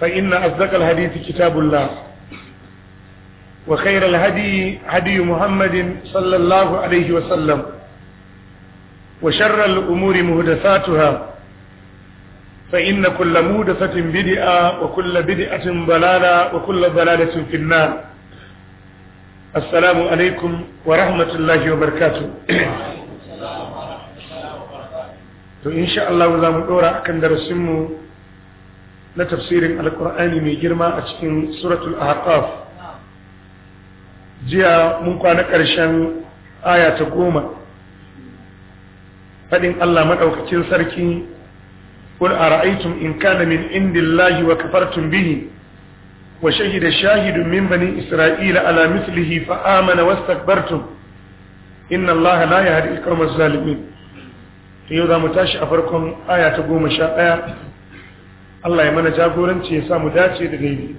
فإن أصدق الحديث كتاب الله وخير الهدي هدي محمد صلى الله عليه وسلم وشر الأمور مهدثاتها فإن كل مهدثة بدئة وكل بدئة ضلالة وكل ضلالة في النار السلام عليكم ورحمة الله وبركاته to insha Allah za mu dora akan darasinmu na tafsirin alkur'ani mai girma a cikin suratul ahqaf jiya mun kwana ƙarshen aya ta goma faɗin Allah maɗaukakin sarki قل أرأيتم إن كان من عند الله وكفرتم به وشهد شاهد من بني إسرائيل على مثله فآمن واستكبرتم إن الله لا يهدي القوم الظالمين يوضع متاش أفركم آية قوم شاء Allah ya mana jagoranci ya samu dace da daidai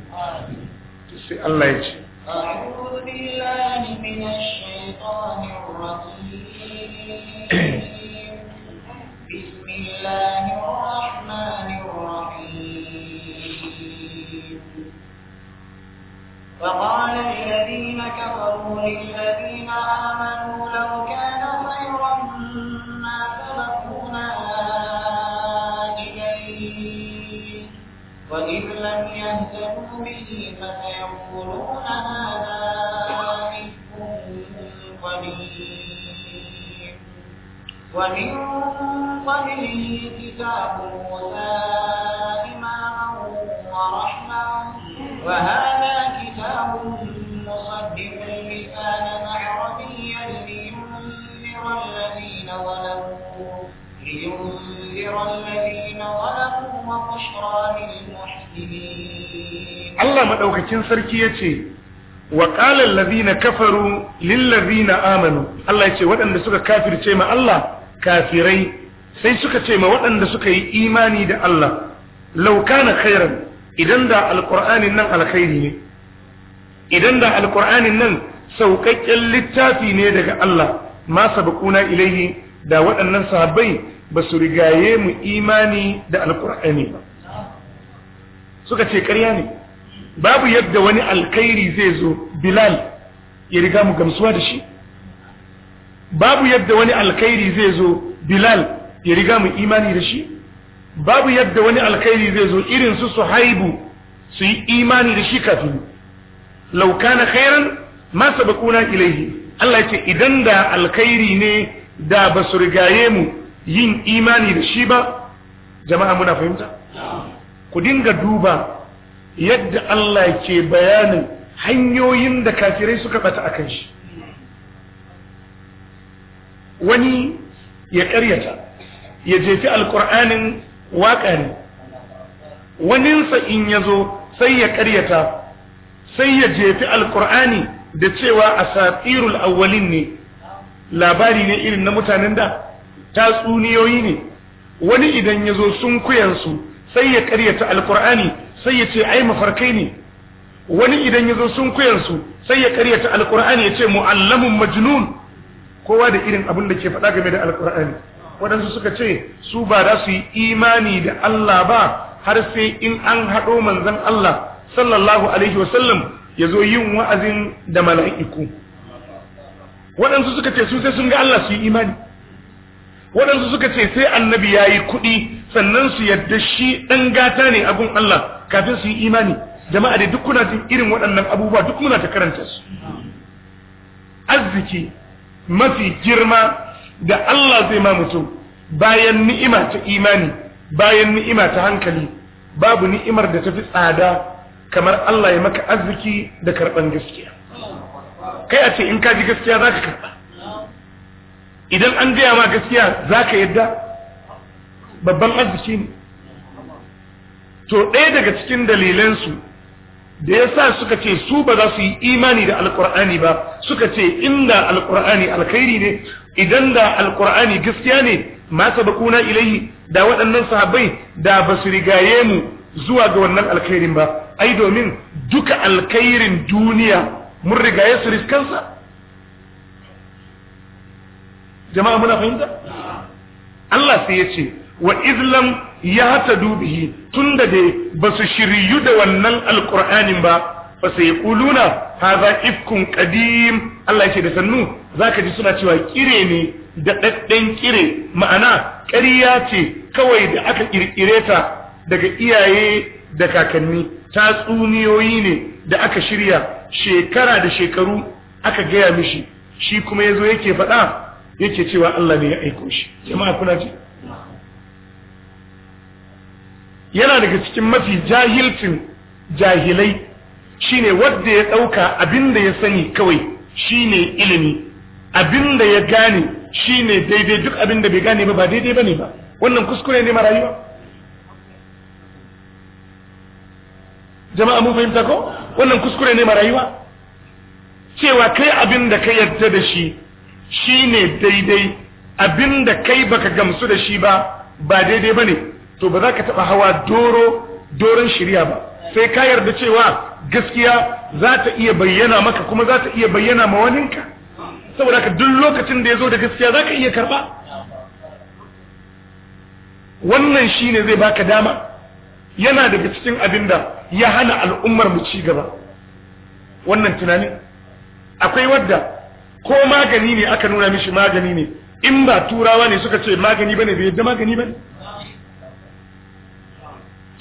sai Allah ya ce أعوذ بالله من الشيطان الرجيم بسم الله الرحمن الرحيم وقال الذين كفروا للذين آمنوا لو كان خيرا ومن قبله كتاب موسى إماما ورحمة وهذا كتاب مصدق لسانا عربيا لينذر الذين ظلموا لينذر الذين ظلموا وبشرى للمحسنين الله مدوكتين سركي يتي وقال الذين كفروا للذين آمنوا الله يتي ودن سوى كافر تيما الله kafirai sai suka ce ma waɗanda suka yi imani da Allah laukana khairan idan da alƙur'anin nan alkhairi ne idan da alƙur'anin nan sauƙaƙƙen littafi ne daga Allah ma sabakuna ilaihi da waɗannan sahabbai ba su rigaye mu imani da alƙur'ani ba suka ce ƙarya ne babu yadda wani alkhairi zai zo bilal ya riga mu gamsuwa da shi babu yadda wani alkhairi zai zo bilal ya riga mu imani da shi babu yadda wani alkhairi zai zo irin su suhaibu su yi imani da shi kafin Lauka na khairan ma sabaquna ilayhi Allah ya ce idan da alkhairi ne da ba su rigaye mu yin imani da shi ba jama'a muna fahimta ku dinga duba yadda Allah ke bayanin hanyoyin da kafirai suka bata akan shi wani ya karyata ya jefi alkur'anin waƙa ne waninsa in ya zo sai ya karyata sai ya jefi Alƙur'ani da cewa a satirul awwalin ne labari ne irin na mutanen da tatsuniyoyi ne wani idan ya zo sun kuyansu sai ya karyata alkur'ani sai ya ce ai mafarkai ne wani idan ya zo sun kuyansu sai ya karyata alkur'ani ya ce mu'allamun majnun kowa da irin abin da ke faɗa game da alkur'ani waɗansu suka ce su ba za su yi imani da Allah ba har sai in an haɗo manzan Allah sallallahu alaihi wasallam ya zo yin wa'azin da mala'iku waɗansu suka ce su sai sun ga Allah su yi imani waɗansu suka ce sai annabi ya yi kuɗi sannan su yadda shi ɗan gata ne abin Allah kafin su yi imani jama'a da duk kuna jin irin waɗannan abubuwa duk muna ta karanta su arziki mafi girma da Allah zai ma mutum bayan ni'ima ta imani bayan ni'ima ta hankali babu ni'imar da tafi tsada kamar Allah ya maka arziki da karban gaskiya kai a ce in ka ji gaskiya zaka karba idan an gaya ma gaskiya zaka yadda babban arziki ne to ɗaya daga cikin dalilansu da yasa suka ce su ba za su yi imani da alkur'ani ba suka ce inda alkur'ani alkhairi ne idan da alkur'ani gaskiya ne ma sabakuna ilaihi da waɗannan sahabbai da ba su rigaye mu zuwa ga wannan alkhairin ba ai domin duka alkhairin duniya mun rigaye su riskansa jama'a muna fahimta Allah sai ya ce wa izlam ya ta dubihi tun da dai ba su shiryu da wannan alƙur'anin ba ba sai kuluna haza ifkun ƙadim Allah ke da sannu za ka ji suna cewa ƙire ne da ɗaɗɗen ƙire ma'ana ƙarya ce kawai da aka ƙirƙireta ta daga iyaye da kakanni tatsuniyoyi ne da aka shirya shekara da shekaru aka gaya mishi shi kuma ya yazo yake faɗa yake cewa Allah ne ya aiko shi jama'a kuna ji yana daga cikin mafi jahilcin jahilai shine wanda ya dauka abinda ya sani kawai shine ilimi abinda ya gane shine daidai duk abinda bai gane ba ba daidai bane ba wannan kuskure ne rayuwa? jama'a mu fahimta ko wannan kuskure ne rayuwa? cewa kai abinda ka yarda da shi shine daidai abinda kai baka gamsu da shi ba ba daidai bane to ba za ka taɓa hawa doro doron shirya ba sai ka yarda cewa gaskiya za ta iya bayyana maka kuma za ta iya bayyana ma waninka saboda ka duk lokacin da ya zo da gaskiya za ka iya karɓa wannan shi ne zai baka dama yana daga cikin abin da ya hana al'ummar mu ci gaba wannan tunanin akwai wadda ko magani ne aka nuna mishi magani ne in ba turawa ne suka ce magani bane bai yadda magani bane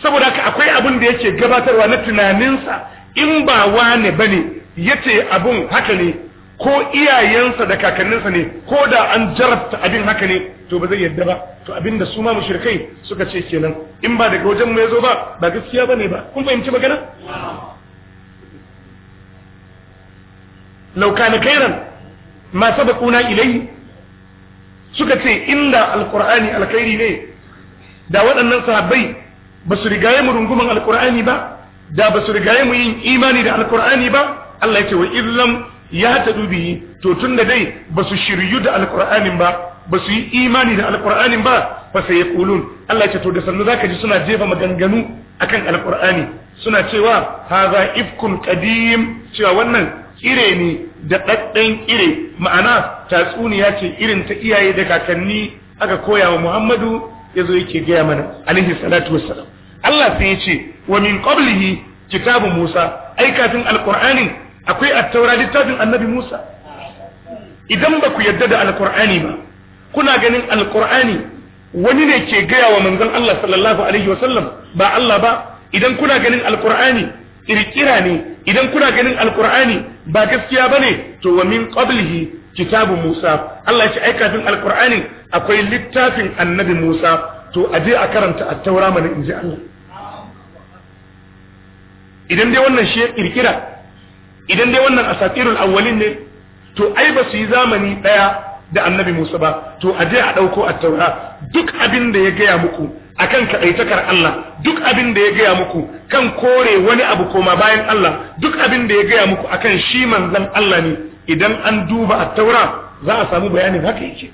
saboda haka akwai abin da yake gabatarwa na tunaninsa in ba wane ya yace abin haka ne ko iyayensa da kakanninsa ne ko da an jarabta abin haka ne to ba zai yadda ba to abin da su ma mushrikai suka ce kenan in ba daga wajen mu zo ba ba gaskiya ba ne ba kun fahimci magana law kana kairan ma sabaquna ilayhi suka ce inda alqur'ani alkhairi ne da waɗannan sahabbai ba su rigaye mu runguman alkur'ani ba da ba su rigaye mu yin imani da alkur'ani ba Allah ya ce wa illam ya taɗu to tun da dai ba su shiryu da alkur'anin ba ba su yi imani da alkur'anin ba fa sai ya kulun Allah ya ce to da sannu zaka ji suna jefa maganganu akan alkur'ani suna cewa haza ifkun qadim cewa wannan kire ne da daddan kire ma'ana tatsuniya ce irin ta iyaye da kakanni aka koya wa Muhammadu yazo yake gaya mana alaihi salatu wassalam Allah sai ya ce wa min qablihi kitabu Musa ai kafin akwai at-taura littafin annabi Musa idan ba ku yarda da alqur'ani ba kuna ganin alqur'ani wani ne ke gaya wa manzon Allah sallallahu alaihi wasallam ba Allah ba idan kuna ganin alqur'ani kirkira ne idan kuna ganin alkur'ani ba gaskiya bane to wa min qablihi kitabu Musa Allah ya aika kafin alkur'ani akwai littafin annabi Musa to aje a karanta at-taura mana inji Allah idan dai wannan shi ya kirkira idan dai wannan asatirul awwalin ne to ai ba su yi zamani daya da annabi Musa ba to a je a dauko at-taura duk abin da ya gaya muku akan kadaitakar Allah duk abin da ya gaya muku kan kore wani abu koma bayan Allah duk abin da ya gaya muku akan shi manzon Allah ne idan an duba at-taura za a samu bayanin haka yake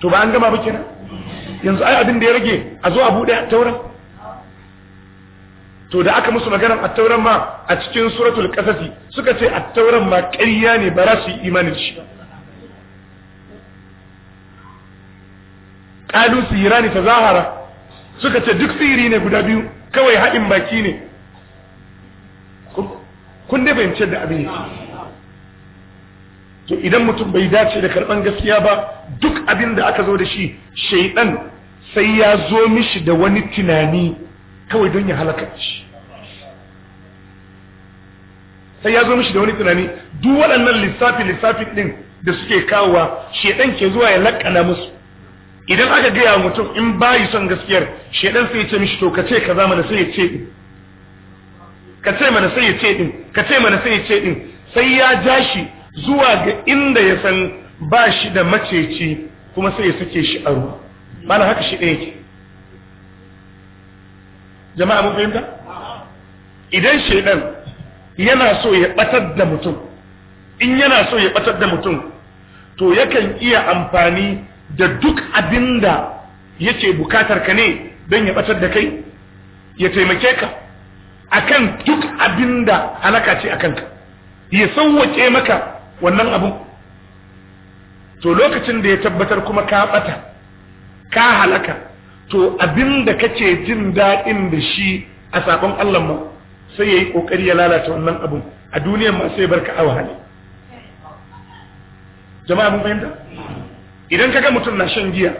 to ba an gama ba kenan yanzu ai abin da ya rage a zo a bude at-taura to da aka musu maganar attauran ma a cikin suratul qasasi suka ce attauran ma ƙarya ne ba za su yi imanin shi qalu sirani tazahara suka ce duk siri ne guda biyu kawai haɗin baki ne kun dai bayyance da abin yake to idan mutum bai dace da karban gaskiya ba duk abin da aka zo da shi shaidan sai ya zo mishi da wani tunani kawai don ya halaka shi sai ya zo mishi da wani tunani duk waɗannan lissafi lissafi ɗin da suke kawowa shedan ke zuwa ya lakana musu idan aka gaya mutum in bayi son gaskiyar shedan sai ya ce mishi to ka ce kaza mana sai ya ce din ka ce mana sai ya ce din ka ce mana sai ya ce din sai ya ja shi zuwa ga inda ya san ba shi da maceci kuma sai ya sake shi a ruwa mana haka shi ɗaya yake jama'a mun fahimta idan shaidan yana so ya batar da mutum in yana so ya batar da mutum to yakan iya amfani da duk abinda yake bukatar ka ne don ya batar da kai ya taimake ka akan duk abinda halaka ce akan ka ya sauwake maka wannan abu to lokacin da ya tabbatar kuma ka bata ka halaka to abin abinda kace jin daɗin da shi a sakon Allah mu sai yayi kokari ya lalata wannan abun a duniyar ma sai barka a wahale jama'a mun fahimta idan kaga mutum na shan giya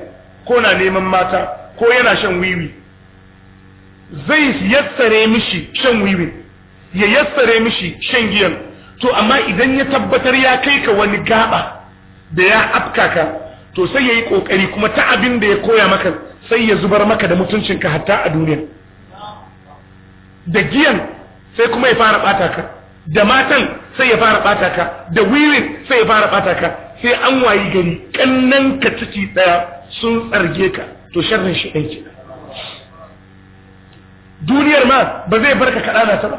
ko na neman mata ko yana shan wiwi zai yassare mishi shan wiwi ya yassare mishi shan giyan to amma idan ya tabbatar ya kai ka wani gaba da ya afkaka, to sai yayi kokari kuma ta abin da ya koya maka sai ya zubar maka da mutuncinka hatta a duniya da giyan sai kuma ya fara bata ka da matan sai ya fara bata ka da wiwin sai ya fara bata ka sai an wayi gari kannan ka ciki daya sun tsarge ka to sharrin shi ɗan duniyar ma ba zai barka kaɗa ta ba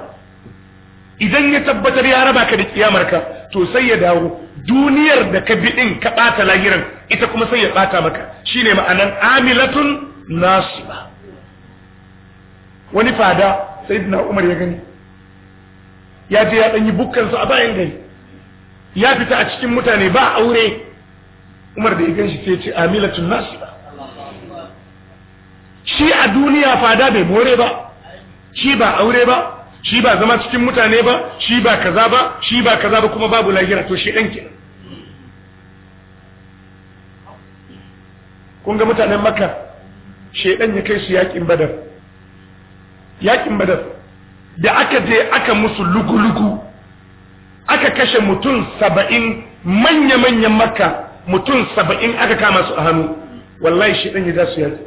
idan ya tabbatar ya raba ka da kiyamar ka to sai ya dawo duniyar da ka bi din ka bata lahiran ita kuma sai ya bata maka shine ma'anan amilatun nasiba wani fada sayyidina Umar ya gani ya je ya dan yi bukkan a bayan gari ya fita a cikin mutane ba aure Umar da ya ganshi sai ya ce amilatun nasiba shi a duniya fada bai more ba shi ba aure ba shi ba zama cikin mutane ba shi ba kaza ba shi ba kaza ba kuma babu lahira to shi ɗan kenan kun ga mutanen makka shedan ya kai su yakin badar yakin badar da aka je aka musu lugu-lugu aka kashe mutum saba'in manya-manyan makka mutum saba'in aka kama su a hannu wallahi shedan ya za su yaki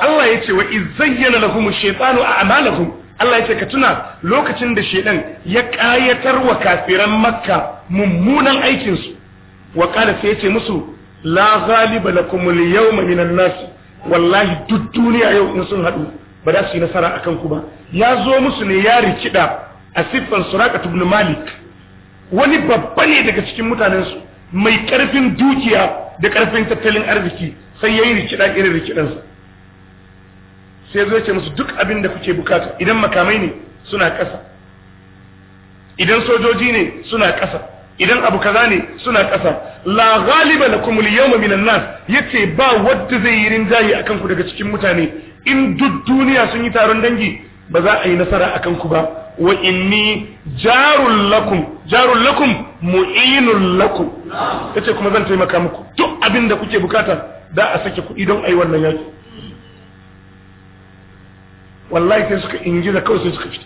allah ya ce wa izayyana إني أخاف الله Allah ya ce ka tuna lokacin da shedan ya ƙayatar wa kafiran makka mummunan aikinsu wa ƙala sai ya musu la ghaliba lakumul yawma minan nas wallahi duk duniya yau in sun haɗu ba za su yi nasara a kanku ba ya zo musu ne ya rikida a siffar suraka tubni malik wani babba ne daga cikin mutanensu mai karfin dukiya da karfin tattalin arziki sai ya yi rikida irin rikidansa sai zo ce musu duk abin da kuke bukata idan makamai ne suna ƙasa idan sojoji ne suna kasa idan abu kaza ne suna ƙasa la ghaliba lakum al-yawma minan nas yace ba wanda zai yi rinjayi akan ku daga cikin mutane in duk duniya sun yi taron dangi ba za a yi nasara a kanku ba wa inni jarul lakum jarul lakum mu'inul lakum yace kuma zan taimaka muku duk abin da kuke bukata da a sake kuɗi don yi wannan yaki wallahi sai suka da kawai sai suka fita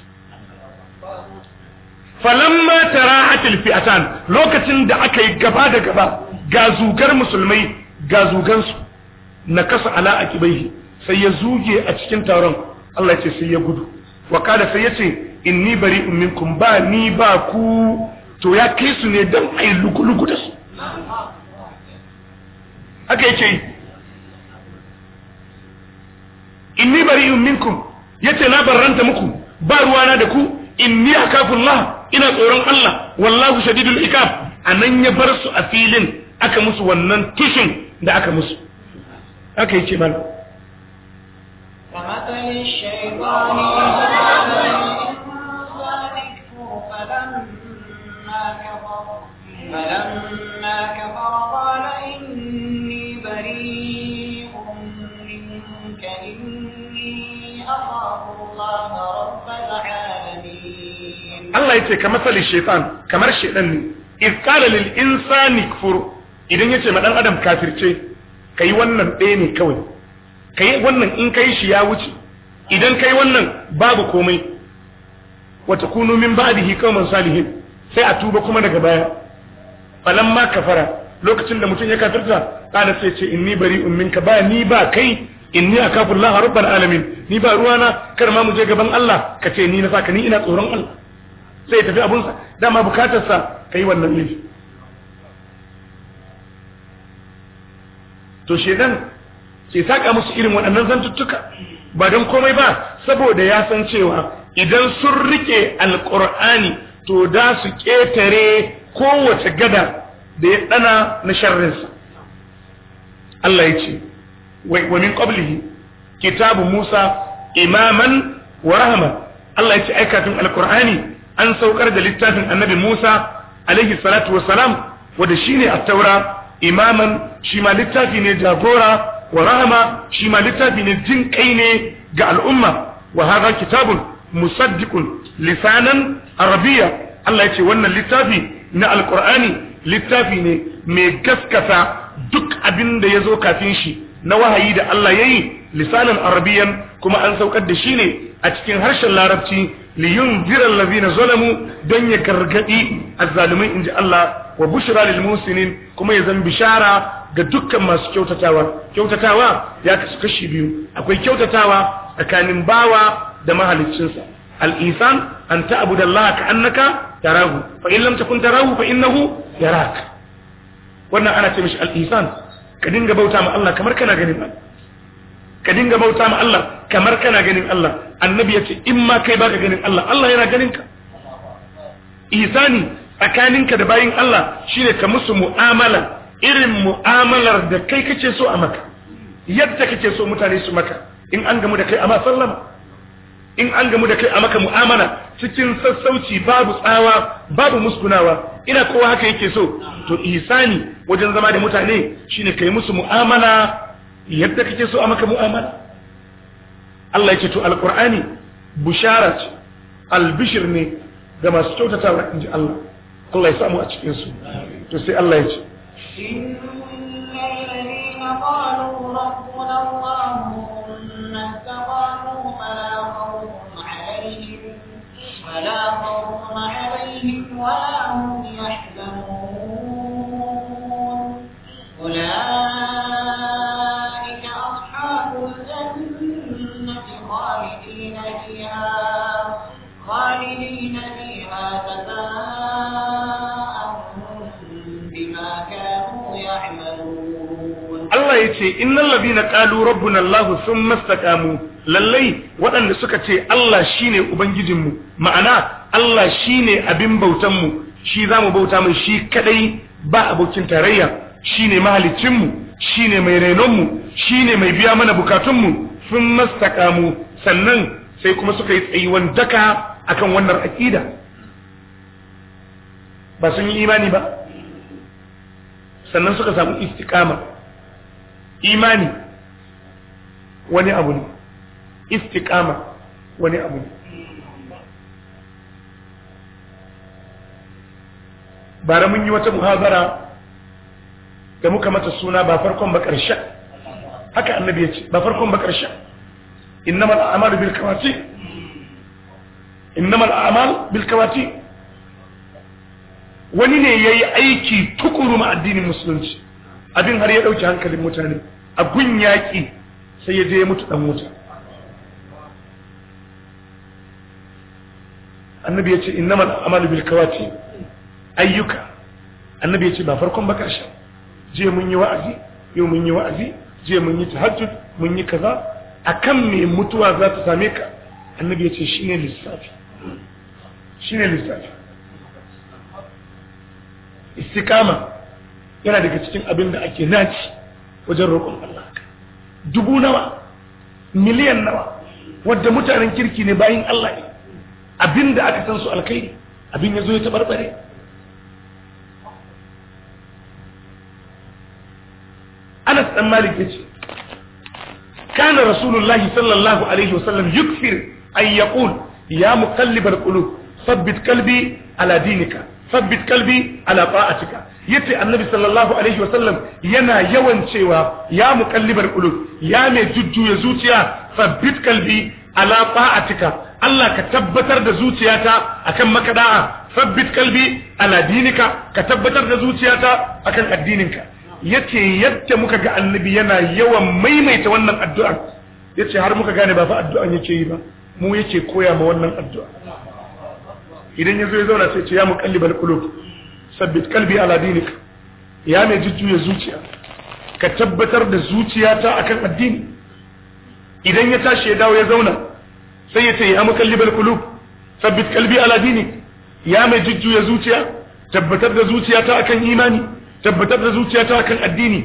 falamma tara'atil fi'atan lokacin da aka yi gaba da gaba ga zugar musulmai ga zugansu na kasa ala akibaihi sai ya zuge a cikin taron Allah ce sai ya gudu wa kada sai ya ce inni bari minkum ba ni ba ku to ya kai su ne dan a lugu-lugu da su haka yake yi inni bari minkum ce na barranta muku ba ruwana da ku inni akafullah ina tsoron Allah wallahu shadidul ikab a nan ya bar su a filin aka musu wannan tushin da aka musu aka yi ce mana كمثل الشيطان إذ قال للإنسان اكفر فلما كفر قال إني بريء منك إني أخاف الله رب العالمين الله يتي كمثل الشيطان كمر الشيطان إذ قال للإنسان اكفر idan yace ma dan adam kafirce kai wannan ɗaya ne kai wannan in kai shi ya wuce idan kai wannan babu komai wa kunu min ba'dihi qauman salihin sai a tuba kuma daga baya ma kafara lokacin da mutum ya kafirta kana sai ce inni bari'un minka ba ni ba kai inni akafu Allah rabbal alamin ni ba ruwana kar ma mu je gaban Allah ka ce ni na saka ni ina tsoron Allah sai ya tafi abunsa dama bukatar sa kai wannan laifi to shedan ke saka musu irin waɗannan zantuttuka ba don komai ba saboda ya san cewa idan sun rike Alƙur'ani to da su ƙetare kowace gada da ya ɗana na sharrinsa Allah ya ce wa min kitabu Musa imaman wa rahama Allah ya ce aikatun Alƙur'ani an saukar da littafin annabi Musa alaihi salatu wadda shi ne a taura imaman shi ma littafi ne jagora wa rahama shi ma littafi ne jin kai ne ga al'umma wa hadha kitabun musaddiqun lisanan Arabiya. Allah ya ce wannan littafi na alkur'ani littafi ne mai gaskata duk abin da zo kafin shi na wahayi da Allah ya yi lisanan Arabiyan kuma an saukar da shi ne a cikin harshen larabci liyunzira allazina zalamu don ya gargadi azzalumai inji Allah wa bushra lil kuma ya zan bishara ga dukkan masu kyautatawa kyautatawa ya kasu kashi biyu akwai kyautatawa tsakanin bawa da mahaliccinsa al-insan an ta'budu Allah ka annaka tarahu fa in lam takun tarahu fa innahu yarak wannan ana ce mishi al ka dinga bauta ma Allah kamar kana ganin ka dinga bauta ma Allah kamar kana ganin Allah annabi ya ce in ma kai baka ganin Allah Allah yana ganin ka ihsani tsakaninka da bayin Allah shine ka musu mu'amala irin mu'amalar da kai kace so a maka yadda kake so mutane su maka in an gamu da kai amma sallama in an gamu da kai a maka mu'amala cikin sassauci babu tsawa babu muskunawa ina kowa haka yake so to ihsani wajen zama da mutane shine kai musu mu'amala yadda kake so a maka mu'amala Allah yake to alqur'ani bushara ce albishir ne ga masu kyautatawa inji Allah Allah ya samu a cikin su to sai Allah ya ce ولا هم يحزنون أولئك ce innal ladina qalu rabbuna allah thumma istaqamu lallai waɗanda suka ce allah shine ubangijin mu ma'ana allah shine abin bautan mu shi zamu bauta mai shi kadai ba abokin tarayya shine mahalicin mu shine mai renon mu shine mai biya mana bukatun mu thumma istaqamu sannan sai kuma suka yi tsayuwan daka akan wannan akida ba sun yi imani ba sannan suka samu istiqama imani wani abu ne istiqama wani abu ne bara mun yi wata muhabara da muka mata suna ba farkon ba ƙarshen haka annabi ya ce ba farkon ba ƙarshen innamal a'malu bil kawati innamal a'mal bil kawati wani ne yayi aiki tukuru ma addinin musulunci abin har ya ɗauki hankalin mutane a gun yaki sai ya je ya mutu ɗan wuta annabi ya ce innamal amalu bil kawati ayyuka annabi ya ce ba farkon ba ƙarshen je mun yi wa'azi yau mun yi wa'azi je mun yi tahajjud mun yi kaza akan me mutuwa za ta same ka annabi ya ce shine lissafi shine lissafi istikama yana daga cikin abin da ake naci wajen roƙon Allah dubu nawa miliyan nawa wadda mutanen kirki ne bayin Allah ne abin da aka san su alkai abin ya zo ya tabarbare Anas dan Malik yace kana rasulullahi sallallahu alaihi wasallam yukfir an yaqul ya muqallibal qulub thabbit qalbi ala dinika sabbit kalbi ala ta'atika yace annabi sallallahu alaihi sallam yana yawan cewa ya muqallibar qulub ya mai jujjuya zuciya sabbit kalbi ala ta'atika Allah ka tabbatar da zuciyata akan makada'a sabbit kalbi ala dinika ka tabbatar da zuciyata akan addininka yace yadda muka ga annabi yana yawan maimaita wannan addu'ar yace har muka gane ba fa addu'an yake yi ba mu yake koya ma wannan addu'a idan ya zo ya zauna sai ce ya muqallibal qulub sabbit qalbi ala dinik ya mai jujjuya zuciya ka tabbatar da zuciyata akan addini idan ya tashi ya dawo ya zauna sai ya ce ya muqallibal qulub sabbit qalbi ala dinik ya mai jujjuya zuciya tabbatar da zuciyata akan imani tabbatar da zuciyata akan addini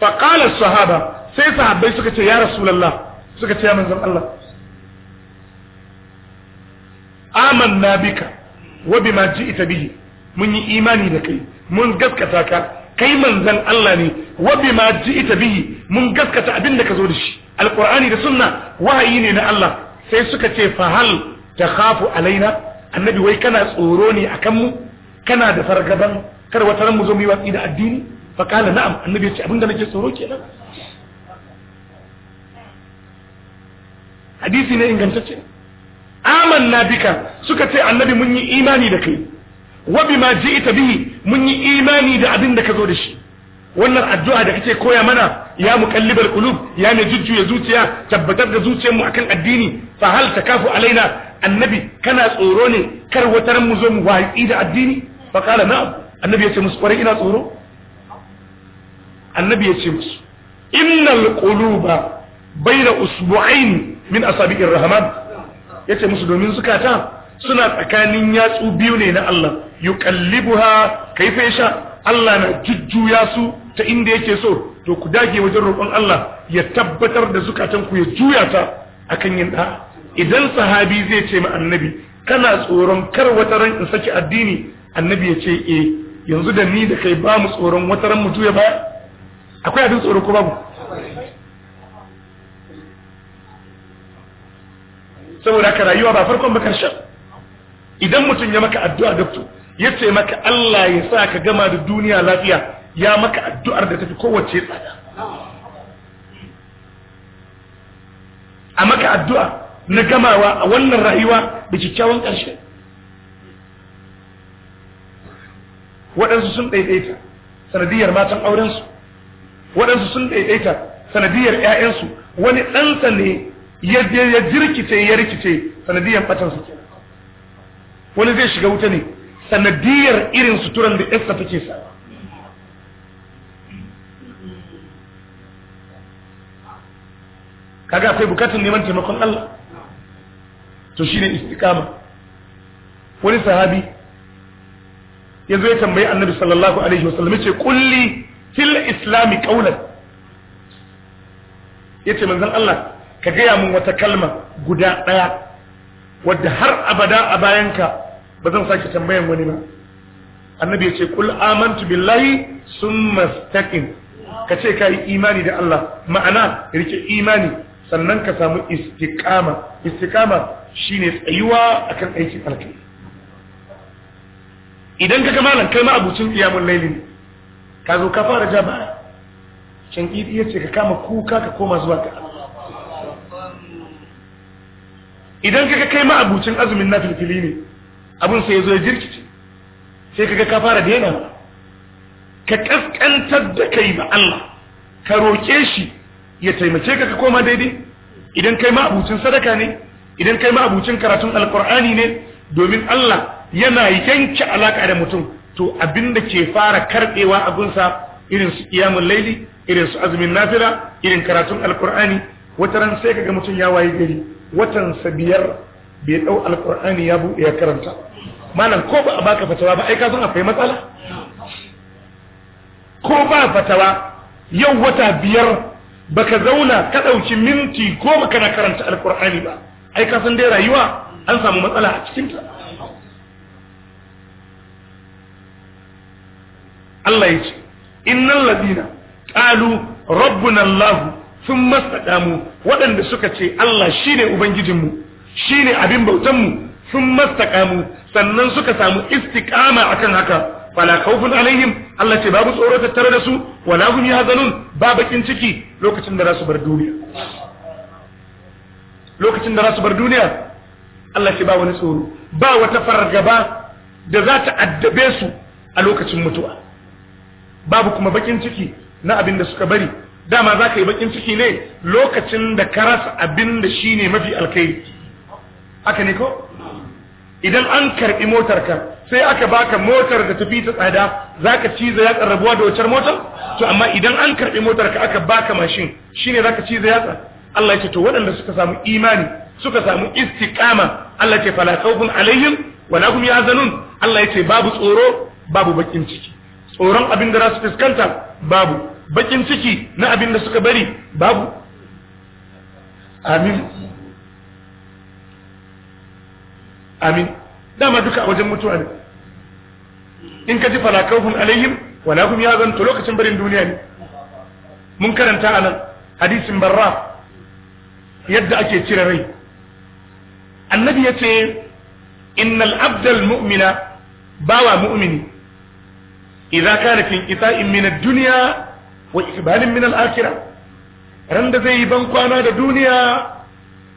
fa qala sahaba sai sahabbai suka ce ya rasulullah suka ce ya manzon Allah amanna bika wa bima ji'ta bihi mun yi imani da kai mun gaskata ka kai manzon Allah ne wa bima ji'ta bihi mun gaskata abin da ka zo da shi alqur'ani da sunna wahayi ne na Allah sai suka ce fa hal takhafu alaina annabi wai kana tsoro ne akan mu kana da fargaban kar wata ran mu zo mu yi watsi da addini fa kala na'am annabi ya ce abin da nake tsoro kenan hadisi ne ingantacce amanna bika suka ce annabi mun yi imani da kai wa bima ji'ta bihi mun yi imani da abin da ka zo da shi wannan addu'a da kake koya mana ya muqallibal qulub ya ne jujjuya zuciya tabbatar da zuciyar mu akan addini fa hal takafu alaina annabi kana tsoro ne kar wata ran mu zo mu wa'i da addini fa qala na'am annabi yace musu kwarai ina tsoro annabi yace musu innal quluba bayna usbu'ain min asabi'ir rahman ya ce musu domin zukata suna tsakanin yatsu biyu ne na Allah yuqallibuha kayfa fesha Allah na jujjuya su ta inda yake so to ku dage wajen roƙon Allah ya tabbatar da zukatan ku ya juya ta akan yin da'a idan sahabi zai ce ma annabi kana tsoron kar wata ran in saki addini annabi ya ce eh yanzu da ni da kai ba mu tsoron wata ran mu juya baya akwai abin tsoro ko babu saboda haka rayuwa ba farkon ba karshen idan mutum ya maka addu'a doctor ya ce maka Allah ya sa ka gama da duniya lafiya ya maka addu'ar da tafi kowace tsada a maka addu'a na gamawa a wannan rayuwa da kyakkyawan ƙarshe waɗansu sun ɗaiɗaita sanadiyar matan aurensu waɗansu sun ɗaiɗaita sanadiyar ‘ya'yansu wani ɗansa ne ya ya jirkice ya rikice sanadiyar batan su wani zai shiga wuta ne sanadiyar irin suturan da esta take sa kaga akwai bukatun neman taimakon Allah to shine istiqama wani sahabi ya zo ya tambayi annabi sallallahu alaihi wasallam yace kulli fil islami qawlan yace manzon Allah ka gaya min wata kalma guda ɗaya wadda har abada a bayanka ba zan sake tambayan wani ba annabi ya ce kul amantu billahi sun istaqim ka ce ka yi imani da Allah ma'ana rike imani sannan ka samu istikama. shi shine tsayuwa a kan aikin alkai idan ka kamalan kai ma iyamun laili ne ka zo ka fara jama'a can idi yace ka kama kuka ka koma zuwa ka. idan kaga kai ma abucin azumin na filfili ne abin sai ya zo ya jirkice sai kaga ka fara daina ka kaskantar da kai ma Allah ka roke shi ya taimake ka ka koma daidai idan kai ma abucin sadaka ne idan kai ma abucin karatun alkur'ani ne domin Allah yana yanke alaka da mutum to abinda ke fara karbewa sa irin su iyamun laili irin su azumin nafila irin karatun alkur'ani wata sai kaga mutum ya waye gari watan sa biyar bai dau alkur'ani ya buɗe ya karanta malam ko ba a baka fatawa ba ai ka san fahimta matsala ko ba fatawa yau wata biyar baka zauna ka dauki minti goma kana karanta alkur'ani ba ai ka san dai rayuwa an samu matsala a cikin ta Allah ya ce innal ladina qalu rabbuna allah sun mastaka mu waɗanda suka ce Allah shine ubangijinmu shine abin bautanmu sun mastaka mu sannan suka samu istiqama akan haka fala khawfun alaihim Allah ce babu tsoro tattare da su wala hum yahzanun ba bakin ciki lokacin da su bar duniya lokacin da su bar duniya Allah ce ba wani tsoro ba wata fargaba da za ta addabe su a lokacin mutuwa babu kuma bakin ciki na abin da suka bari dama za ka yi bakin ciki ne lokacin da ka rasa abin da shi ne mafi alkairi haka ne ko idan an karɓi motar ka sai aka baka motar da tafi ta tsada za ka ciza yatsar rabuwa da wacar motar to amma idan an karɓi motar ka aka baka mashin shine za ka ciza yatsa Allah ya ce to waɗanda suka samu imani suka samu istiqama Allah ya ce fala khawfun alaihim wala hum yahzanun Allah ya ce babu tsoro babu bakin ciki tsoron abin da za su fuskanta babu bakin ciki na abin da suka bari babu amin amin dama duka a wajen mutuwa ne in ka ji falakauhun alaihim wala hum yazantu lokacin barin duniya ne mun karanta anan hadisin barra yadda ake cire rai annabi yace innal abdal mu'mina bawa mu'mini idza kana fi qita'in min ad-dunya wa ikbalin min al Randa ran zai yi ban kwana da duniya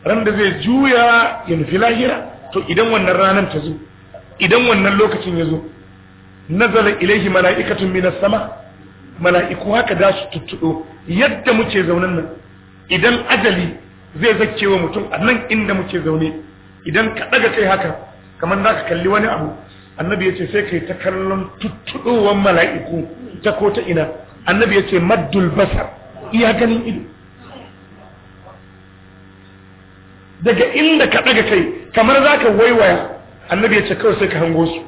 randa zai juya ya nufi lahira to idan wannan ranar ta zo idan wannan lokacin ya zo nazala ilaihi mala'ikatun min as-sama mala'iku haka da su tuttudo yadda muke zaunan nan idan ajali zai zakke wa mutum a nan inda muke zaune idan ka daga kai haka kamar za ka kalli wani abu annabi ya ce sai ka yi ta kallon tuttuɗowar mala'iku ta ko ta ina annabi ya ce maddul basar iya ganin ido daga inda ka daga kai kamar za ka waiwaya annabi ya ce kawai sai ka hango su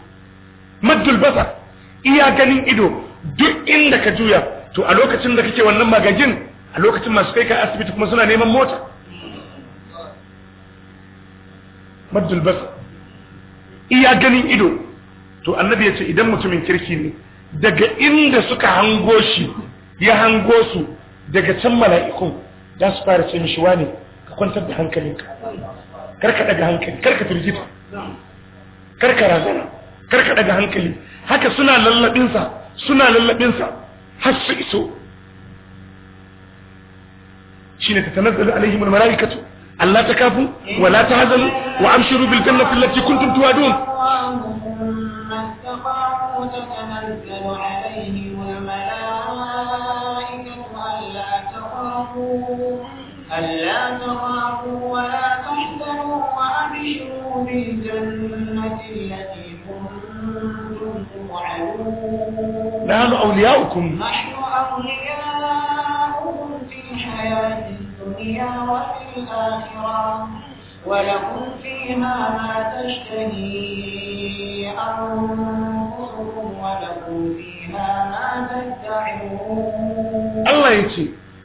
maddul basar iya ganin ido duk inda ka juya to a lokacin da kake wannan magajin a lokacin masu kai ka asibiti kuma suna neman mota maddul basar iya ganin ido to annabi ya ce idan mutumin kirki ne daga inda suka hango shi ya hango su daga can mala'ikun za su fara ce mishi wani ka kwantar da hankalinka karka daga hankali karka firgita karka razana karka daga hankali haka suna lallabinsa suna lallabinsa har su iso Shi ne ta tanazzalu alaihim almalaikatu Allah ta kafu wa wala tahzanu wa abshiru bil jannati allati kuntum tu'adun تتنزل عليهم الملائكة ألا تخافوا ألا تخافوا ولا تحزنوا وأبشروا بالجنة التي كنتم توعدون نحن أولياؤكم نحن أولياؤكم في الحياة الدنيا وفي الآخرة ولكم فيها ما تشتهي أنفسكم Allah ya ce,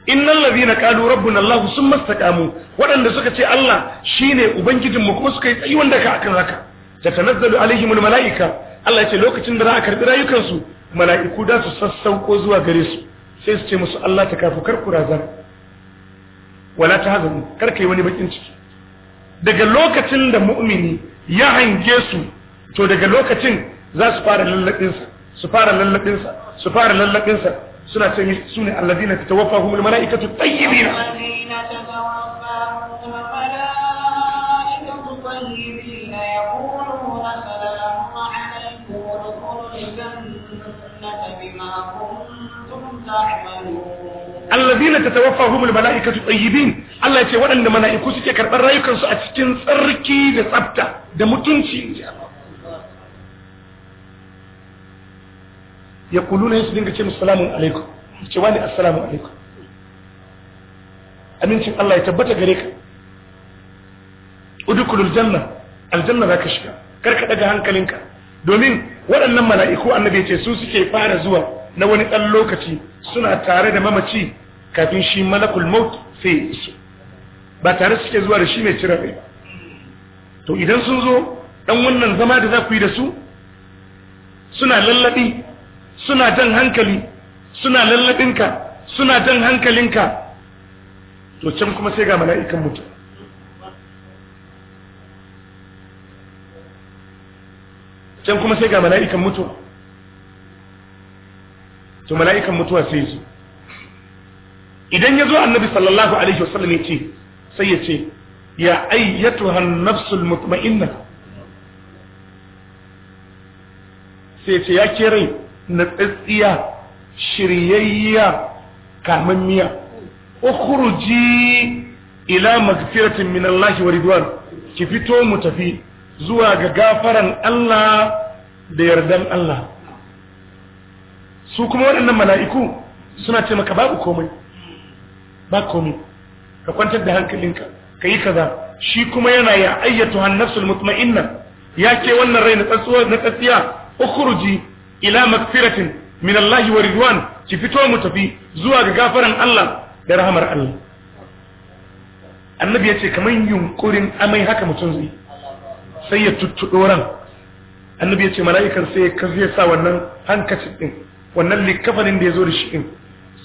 Innan labina ƙado rabbin Allah sun mastakamu waɗanda suka ce Allah shi ne Ubangijinmu kuma suka yi tsayuwan daga akan haka, da ta nazzalu alaihimul mala'ika, Allah ya ce lokacin da za a karɓi rayukansu, mala'iku da su sassauko zuwa gare su, sai su ce musu Allah ta kafu karku razan, wala ta hazanu, karka yi wani bakin ciki. Daga lokacin da mu'mini ya hange su, to daga lokacin za su fara lallabinsa su fara lallabinsa su fara lallabinsa suna ce mishi su ne allazina tatawaffahumul mala'ikatu tayyibin allazina tatawaffahumul mala'ikatu tayyibin Allah ya ce waɗanda mala'iku suke karɓar rayukansu a cikin tsarki da tsafta da mutunci inji Allah ya na su dinga ce musu salamun alaikum ce wani assalamu alaikum amincin Allah ya tabbata gare ka kulul janna aljanna za ka shiga kar ka daga hankalinka domin waɗannan mala'iku annabi ce su suke fara zuwa na wani ɗan lokaci suna tare da mamaci kafin shi malakul maut sai isu. ba tare suke zuwa da shi mai cire rai ba to idan sun zo ɗan wannan zama da za ku yi da su suna lallabi suna jan hankali suna lallabinka suna jan hankalinka to can kuma sai ga mala'ikan mutum can kuma sai ga mala'ikan mutum to mala'ikan mutuwa sai yi idan ya zo annabi sallallahu alaihi wasallam ya ce sai ya ce ya ayyatuhan nafsul mutma'inna sai ya ce ya ke rai tsatsiya shiryayya kamammiya ukhruji ila magfiratin min Allah wa ridwan ki fito mu tafi zuwa ga gafaran Allah da yardan Allah su kuma waɗannan mala'iku suna ce maka babu komai ba komai ka kwantar da hankalinka ka yi kaza shi kuma yana ya ayyatu hannafsul mutma'inna ya ke wannan rai na tsatsiya ukhruji ila magfiratin min Allah wa ridwan ki fito mu tafi zuwa ga gafaran Allah da rahamar Allah annabi ya ce kamar yunkurin amai haka mutun zai sai ya tuttuɗo ran annabi ya ce mala'ikan sai ya kazi ya sa wannan hankaci ɗin wannan likafanin da ya zo da shi ɗin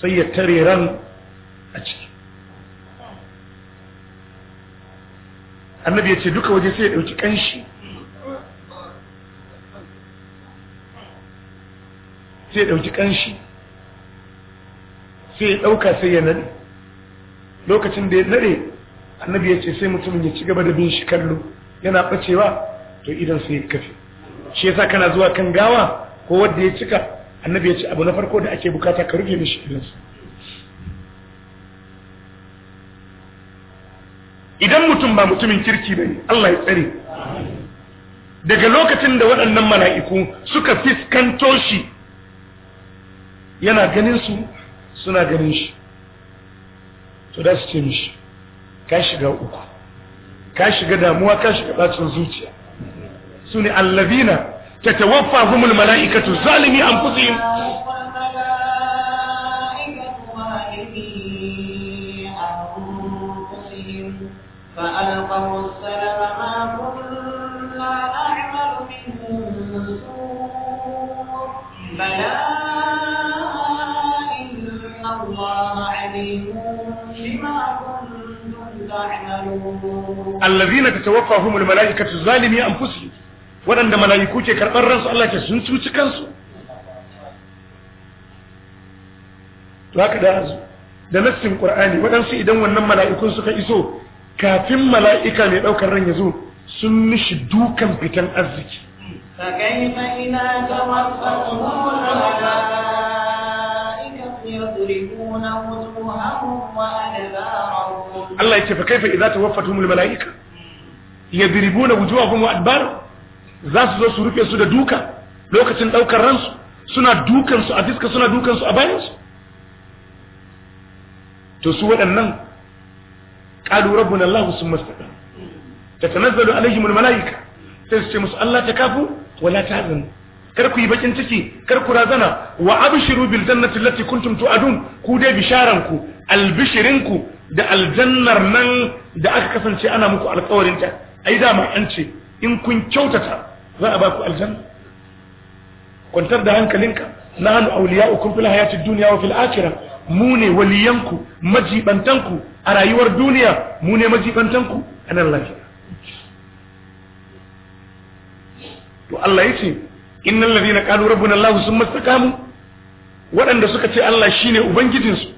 sai ya tare ran a ciki annabi ya ce duka waje sai ya ɗauki ƙanshi sai ɗauki ƙanshi sai ya ɗauka sai ya naɗe lokacin da ya naɗe annabi ya ce sai mutumin ya ci gaba da bin shi kallo yana ɓacewa to idan sai ya kafe shi yasa kana zuwa kan gawa ko wanda ya cika annabi ya ce abu na farko da ake bukata ka rufe mishi idansa idan mutum ba mutumin kirki bane Allah ya tsare daga lokacin da waɗannan mala'iku suka fiskanto shi yana ganin su suna ganin shi to da su ce mishi ka shiga uku ka shiga damuwa ka shiga bacin zuciya su ne allabina ta tawaffa humul mala'ikatu zalimi an fuzihim فألقوا السلام ما كنا الذين تتوفاهم الملائكة الظالمين أنفسهم waɗanda mala'iku ke karɓar الله Allah ke sun cuci kansu da azu da nassin qur'ani waɗansu idan wannan mala'ikun suka iso kafin mala'ika mai ɗaukar ran ya sun nishi dukan fitan arziki يضربون Allah ya ce fa kaifa idza tawaffatuhumul malaika yadribuna wujuhahum wa adbar za su zo su rufe su da duka lokacin daukar ransu suna dukan su a fiska suna dukan su a bayan su to su waɗannan qalu rabbuna Allah summa istaqam tatanazzalu alaihim mala'ika sai su ce musu Allah ta kafu wala tahzanu kar ku yi bakin ciki kar ku razana wa abshiru bil jannati allati kuntum tu'adun ku dai bisharan ku albishirinku da aljannar nan da aka kasance ana muku alƙawarin ta ai dama an ce in kun kyautata za a ba ku aljanna kwantar da hankalinka na hannu ukun fil hayati duniya wa fil mu ne waliyanku majibantanku a rayuwar duniya mu ne majibantanku a nan lafiya to Allah yace innal na qalu rabbuna sun summa mu? waɗanda suka ce Allah shine ubangijinsu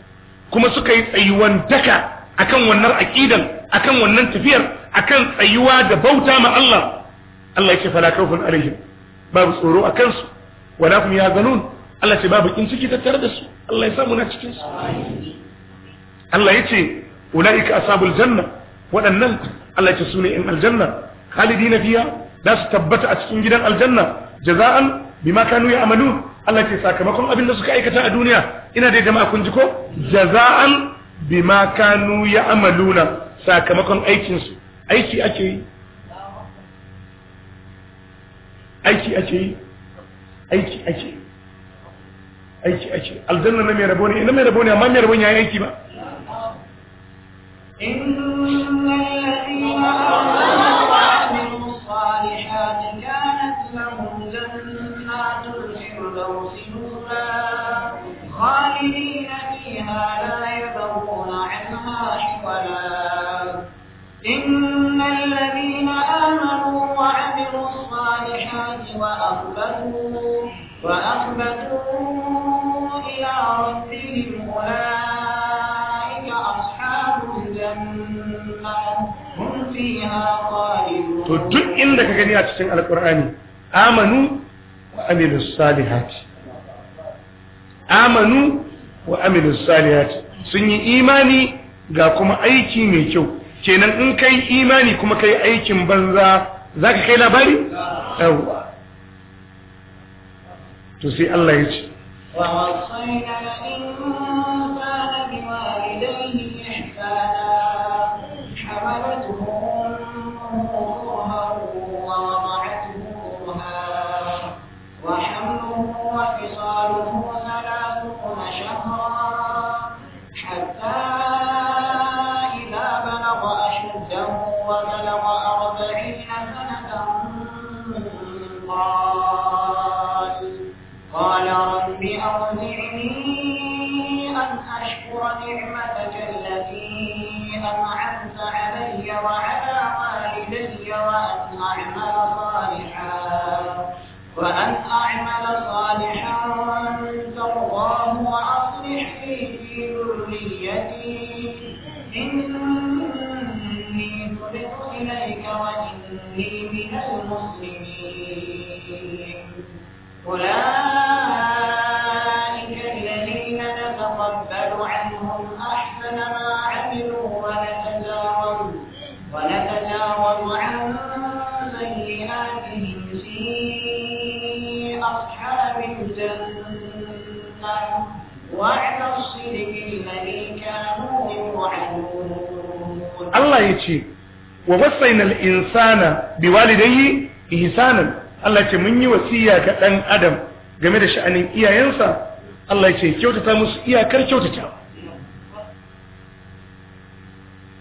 kuma suka yi tsayuwan daka akan wannan aqidan akan wannan tafiyar akan tsayuwa da bauta ma Allah Allah yake fala kawfun alaihim babu tsoro akan su wala ya yahzanun Allah ce babu kin ciki tattare da su Allah ya samu na cikin su Allah yace ulaika ashabul janna waɗannan Allah ce sune in aljanna khalidina fiha da su tabbata a cikin gidan aljanna jaza'an bima kanu ya'malun Allah ce sakamakon abin da suka aikata a duniya ina da jama'a kun ji ko jaza'an bima kanu ya'maluna sakamakon aikin su aiki ake yi aiki ake yi aiki ake yi aiki ake aljanna na mai rabo ne ina mai rabo ne amma mai rabon yayi aiki ba innal ladina amanu wa amilus salihati يدخلونها خالدين فيها لا يبغون عنها حولا إن الذين آمنوا وعملوا الصالحات وأخبتوا وأخبتوا إلى ربهم أولئك أصحاب الجنة هم فيها خالدون. تدق إنك كذلك القرآن آمنوا وعملوا الصالحات آمنوا وعملوا الصالحات sun yi imani ga kuma aiki mai kyau kenan in kai imani kuma kai aikin banza za ka kai labari? yawwa to sai Allah ya ce wa wasainal insana biwalidayhi ihsanan Allah ce mun yi wasiya ga dan adam game da sha'anin iyayensa Allah ce kyautata musu iyakar kyautata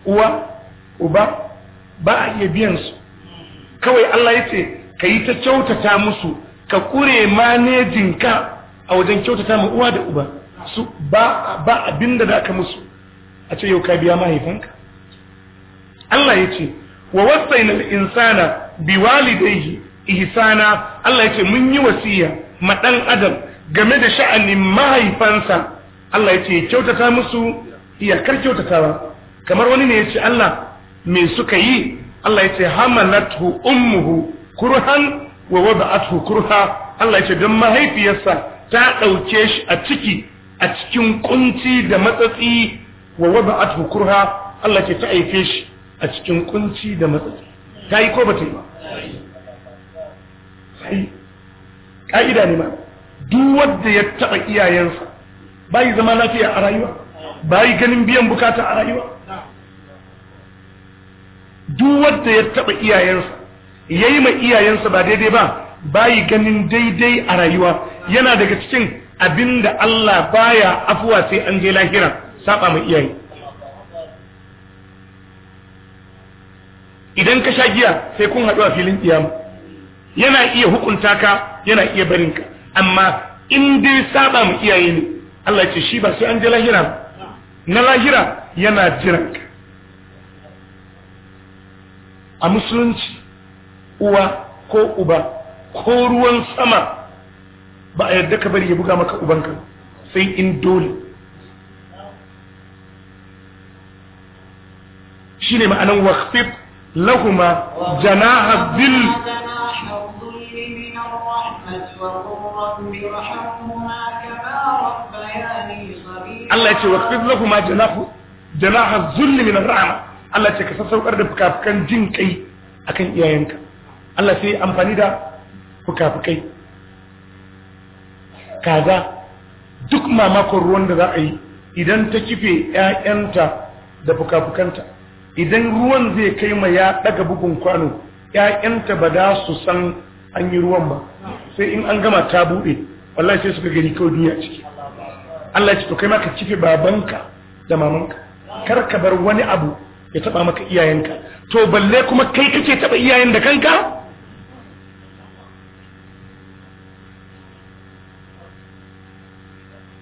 uwa uba ba a iya biyan su kawai Allah ya ce ka yi ta kyautata musu ka kure manajinka a wajen kyautata ma uwa da uba su ba abinda da aka musu a ce yau ka biya mahaifanka Allah ya ce wa wasaina al-insana biwalidayhi ihsana Allah ya ce mun yi wasiya ma dan adam game da sha'anin mahaifansa Allah ya ce kyautata musu iyakar kyautatawa kamar wani ne ya ce Allah me suka yi Allah ya ce hamalatu ummuhu kurhan wa wada'athu kurha Allah ya ce don mahaifiyarsa ta dauke shi a ciki a cikin kunci da matsatsi wa wada'athu kurha Allah ya ce ta aife shi a cikin kunci da matsatsi ta yi ko ba ta yi ba sai ƙa'ida ne ma duk ya taɓa iyayensa ba yi zama lafiya a rayuwa ba yi ganin biyan bukata a rayuwa duk ya taɓa iyayensa ya yi ma iyayensa ba daidai ba ba yi ganin daidai a rayuwa yana daga cikin abin da Allah baya afuwa sai an je lahira saba mai iyaye idan ka sha giya sai kun haɗu a filin kiyama yana iya hukunta ka yana iya barin ka amma in dai saba mu iyaye ne Allah ce shi ba sai an je lahira na lahira yana jiran ka a musulunci uwa ko uba ko ruwan sama ba a yarda ka bari ya buga maka ubanka sai in dole shine ma'anan wakfif. لهما جناح الذل Allah ya ce لهما جناح جناح الذل من min الله يتي Allah ya ce ka sassaukar da الله سي kai akan iyayenka Allah amfani da fukafukai kaza duk mamakon ruwan da za a yi idan ta kife ƴaƴanta da fukafukanta idan ruwan zai kai ma ya daga bugun kwano ƴaƴanta ba da su san an yi ruwan ba sai in an gama ta bude wallahi sai suka gani kawai duniya ciki Allah ya ce to kai ma ka kife babanka da mamanka kar ka bar wani abu ya taba maka iyayenka to balle kuma kai kake taba iyayen da kanka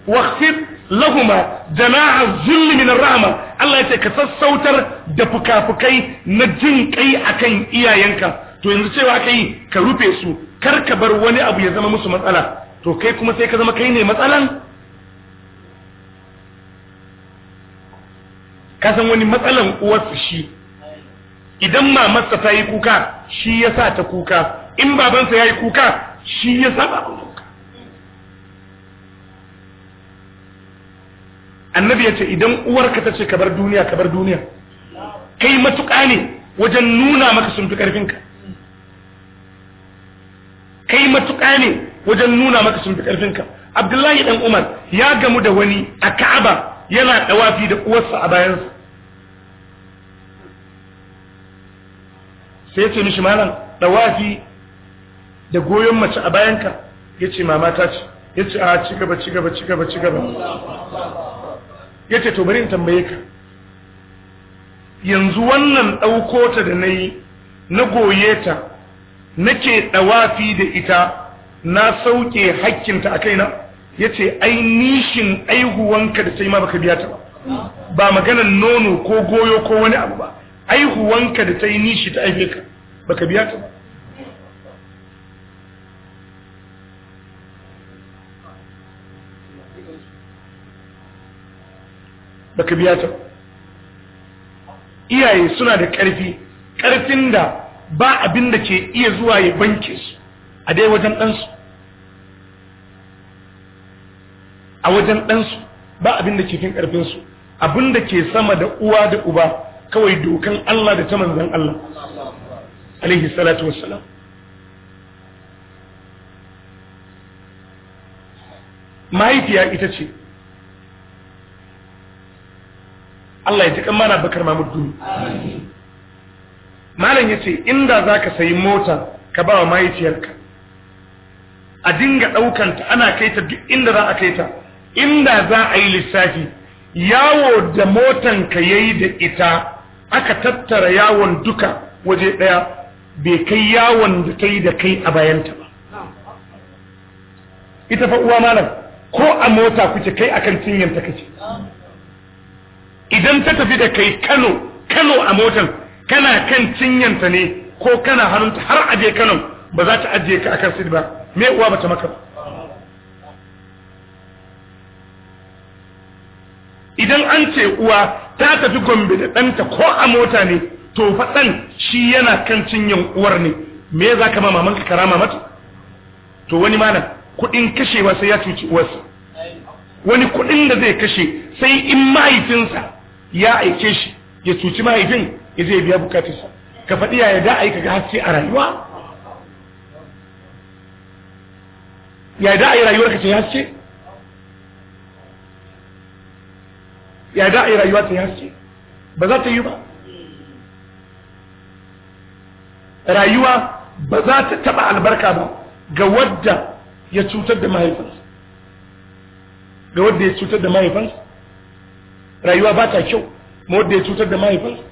واخفض lahuma jama'a zulmi min rahma Allah yace ka sassautar da fukafukai na jin kai akan iyayenka to yanzu cewa kai ka rufe su kar ka bar wani abu ya zama musu matsala to kai kuma sai ka zama kai ne matsalan ka san wani matsalan uwarsa shi idan mamarsa ta yi kuka shi yasa ta kuka in babansa ya yi kuka shi yasa babansa annabi ya ce idan uwarka ta ce ka bar duniya ka bar duniya kai matuƙa ne wajen nuna maka sun fi ƙarfinka kai matuƙa ne wajen nuna maka sun fi ƙarfinka abdullahi dan umar ya gamu da wani a ka'aba yana ɗawafi da uwarsa a bayansa sai ya ce mishi malam ɗawafi da goyon mace a bayanka ya ce mamata ce ya ce a ci gaba ci gaba ci gaba ci gaba yace to bari in tambaye ka yanzu wannan ɗaukota ta da nayi na goye ta nake ɗawafi da ita na sauke hakkinta a kaina yace ai nishin aihuwanka da sai ma baka biya ta ba ba maganan nono ko goyo ko wani abu ba aihuwanka da ta yi nishi ta aife baka biya ta ba baka biya ta iyaye suna da ƙarfi ƙarfin da ba abin da ke iya zuwa ya banke su a dai wajen ɗansu a wajen ɗansu ba abin da ke fin ƙarfinsu abin da ke sama da uwa da uba kawai dokan Allah da ta manzan Allah alaihi salatu wassalam mahaifiya ita ce Allah ya ji kan mana bakar Mahmud Gumi malam yace inda ka sayi mota ka ba wa mahaifiyarka a dinga ɗaukanta ta ana kaita duk inda za a kai kaita inda za a yi lissafi yawo da motan ka yi da ita aka tattara yawon duka waje ɗaya, bai kai yawon da ta yi da kai a bayanta ba ita fa uwa malam ko a mota kuke kai akan cinyanta kake idan ta tafi da kai Kano Kano a motar kana kan cinyanta ne ko kana hannunta har aje Kano ba za ta ajiye ka akan sit ba me uwa bata maka ba idan an ce uwa ta tafi gombe da ɗanta ko a mota ne to fa shi yana kan cinyan uwar ne me za ka ma mamanka karama mata to wani malam kuɗin kashewa sai ya cuci uwarsa wani kuɗin da zai kashe sai in mahaifinsa ya aike shi ya cuci mahaifin ya zai biya bukatarsa ka faɗi yaya da aika ga haske a rayuwa ya da a yi rayuwar ka ce haske ya da a yi rayuwa ta haske ba za ta yi ba rayuwa ba za ta taba albarka ba ga wadda ya cutar da mahaifansa ga wadda ya cutar da mahaifinsa rayuwa ba ta kyau wadda ya cutar da mahaifinsa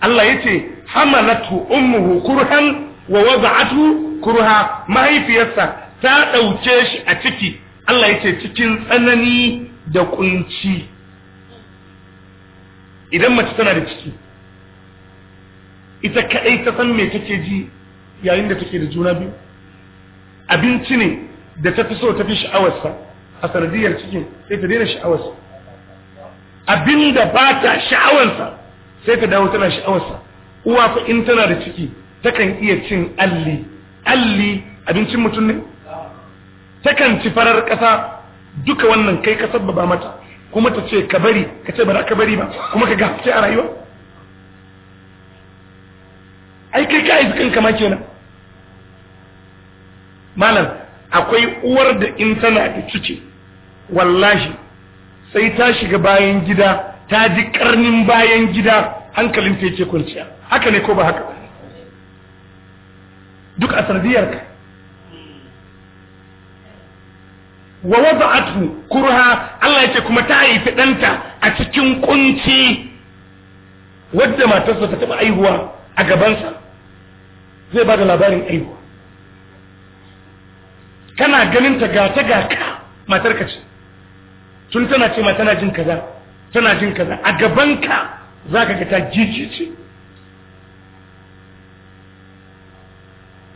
Allah ya ce hamalatu ummuhu kurhan wa wada'atu kurha mahaifiyarsa ta ɗauke shi a ciki Allah ya ce cikin tsanani da kunci idan mace tana da ciki ita kaɗai ta san me take ji yayin da take da juna biyu abinci ne da ta fi so ta fi sha'awarsa a sanadiyar cikin sai ta daina sha'awarsa abinda ba ta sha'awansa sai ka dawo tana sha'awarsa uwa fa in tana da ciki takan iya cin alli alli abincin mutum ne takan ci farar ƙasa duka wannan kai ka ba mata kuma ta ce ka bari ka ce ba za ka bari ba kuma ka ga ce a rayuwa ai kai ka aiki kanka ma kenan malam akwai uwar da in tana da ciki wallahi sai ta shiga bayan gida ta ji karnin bayan gida hankalin ta yake kwanciya haka ne ko ba haka duk a ka. wa wada'atu kurha Allah yake kuma ta haifi danta a cikin kunci wadda matarsa ta taba aihuwa a gabansa zai ba da labarin aihuwa kana ganin ta gata gaka matarka ce tun tana ce ma tana jin kaza tana jin kaza a gabanka za ka ga ta jijice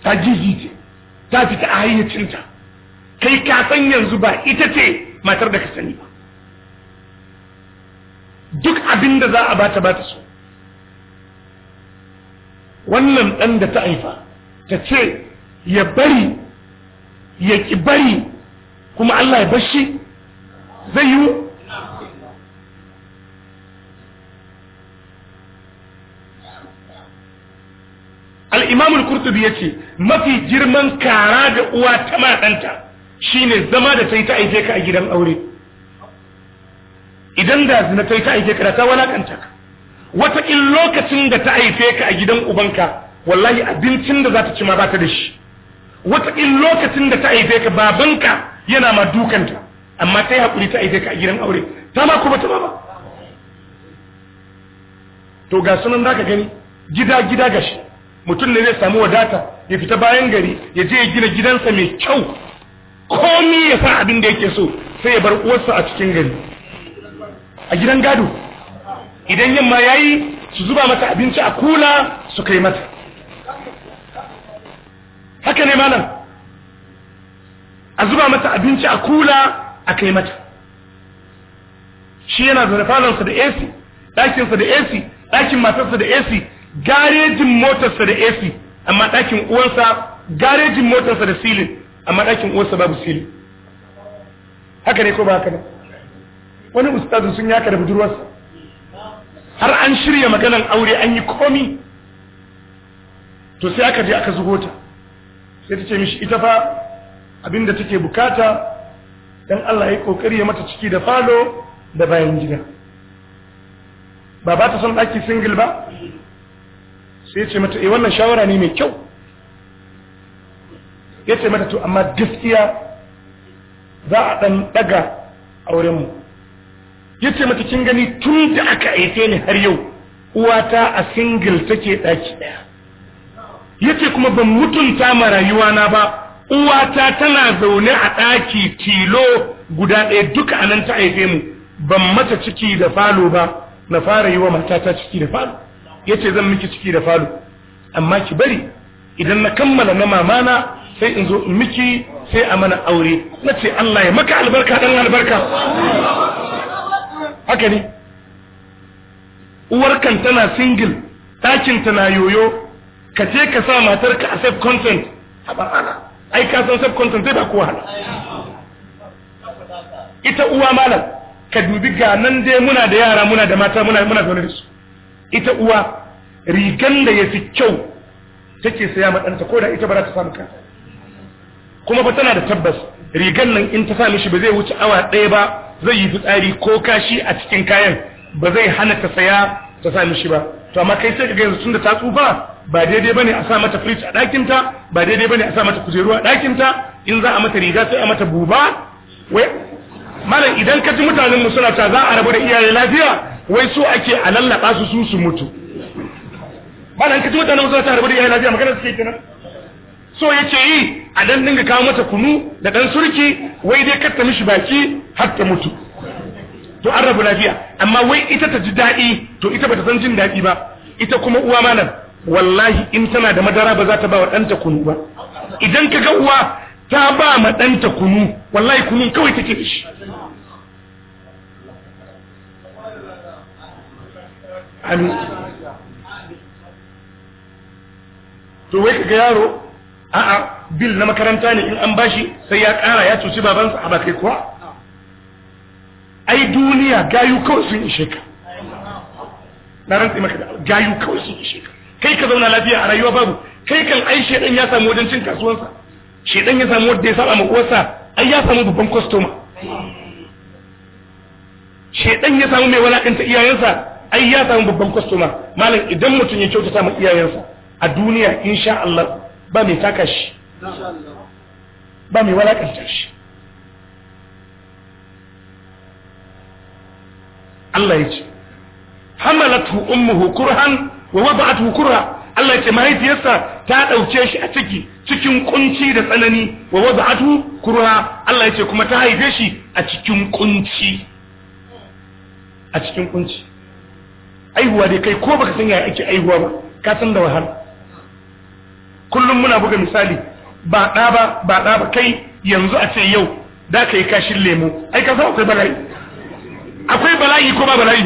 ta jijice ta fita a hayyacinta kai ka san yanzu ba ita ce matar da ka sani ba duk abin da za a bata bata so wannan ɗan da ta haifa ta ce ya bari ya ki bari kuma Allah ya bashi. zai yi alimamul imam ya ce mafi girman kara da uwa ta shi ne zama da yi ta aike ka a gidan aure idan da zina yi ta aike ka da ta walakanta ka Wataƙin lokacin da ta aike ka a gidan ubanka wallahi abincin da za ta ci ma ba ta da shi Wataƙin lokacin da ta aike ka babanka yana ma dukanta amma ta yi haƙuri ta aike ka a gidan aure ta ma kuma ta ba to ga sunan za ka gani gida gida gashi mutum ne zai samu wadata ya fita bayan gari ya je ya gina gidansa mai kyau komi ya sa abin da yake so sai ya bar uwarsa a cikin gari a gidan gado idan yamma ya yi su zuba mata abinci a kula su kai mata haka ne malam a zuba mata abinci a kula a kai mata shi yana zaune falonsa da ac ɗakinsa da ac ɗakin matarsa da ac garejin motarsa da ac amma ɗakin uwansa garejin motarsa da silin amma ɗakin uwansa babu silin haka ne ko ba haka ne wani ustazu sun yaka da budurwarsa har an shirya maganan aure an yi komi to sai aka je aka zugo ta sai ta ce mishi ita fa abinda take bukata dan Allah ya kokari ya mata ciki da falo da bayan gida ba ba ta son ɗaki single ba sai ce mata eh wannan shawara ne mai kyau ya ce mata to amma gaskiya za a ɗan ɗaga aurenmu ya ce mata kin gani tun da aka aike ni har yau uwata a single take ɗaki ɗaya ya ce kuma ban mutunta ma na ba uwata tana zaune a ɗaki tilo guda ɗaya duka a nan ta haife mu ban mata ciki da falo ba na fara yi wa matata ciki da falo ya ce zan miki ciki da falo amma ki bari idan na kammala na mamana sai in zo in miki sai a mana aure na ce Allah ya maka albarka dan albarka haka ne uwarkan tana single ɗakin tana yoyo ka je ka sa matarka a safe content a ba'ana ai ka san subcontent zai ba ku wahala ita uwa malam ka dubi ga nan dai muna da yara muna da mata muna muna zaune da su ita uwa rigan da ya kyau take saya ma ɗanta ko da ita ba za ta samu kanta kuma ba tana da tabbas rigan nan in ta sami shi ba zai wuce awa ɗaya ba zai yi fitsari ko kashi a cikin kayan ba zai hana ta saya ta sami shi ba to amma kai sai ka ga yanzu tun da ta tsufa ba daidai bane a sa mata fridge a ɗakin ta ba daidai bane a sa mata kujeru a ɗakin ta in za a mata riga sai a mata buba wai malam idan ka ji mutanen mu ta za a rabu da iyaye lafiya wai so ake a lallaba su su su mutu malam ka ji mutanen mu ta rabu da iyaye lafiya magana suke kenan so yake yi a dan dinga kawo mata kunu da dan surki wai dai kar ta mishi baki har ta mutu to an rabu lafiya amma wai ita ta ji daɗi to ita bata san jin daɗi ba ita kuma uwa malam wallahi in tana da madara ba za ta ba wa ɗanta kunu ba idan ka ga uwa ta ba ma ɗanta kunu wallahi kunu kawai take da shi amin to wai ka ga yaro a'a bil na makaranta ne in an bashi sai ya ƙara ya cuci babansa a bakai kuwa ai duniya gayu kawai sun ishe ka na rantsi maka gayu kawai sun ishe kai ka zauna lafiya a rayuwa babu kai kan ai shedan ya samu wajen cin kasuwansa shedan ya samu wanda ya saba ma uwarsa ai ya samu babban kwastoma shedan ya samu mai walakanta iyayensa ai ya samu babban kwastoma malam idan mutum ya kyautata ma iyayensa a duniya insha Allah ba mai taka shi ba mai walakanta shi Allah ya ce hamalatu ummuhu kurhan wa wada'atu kurha Allah ya ce mahaifiyarsa ta dauke shi a ciki cikin kunci da tsanani wa wada'atu kurha Allah ya ce kuma ta haife shi a cikin kunci a cikin kunci aihuwa dai kai ko baka san yaya ake aihuwa ba ka san da wahala kullum muna buga misali ba ɗa ba ba ɗa ba kai yanzu a ce yau da ka yi kashin lemo ai ka san akwai bala'i akwai bala'i ko ba bala'i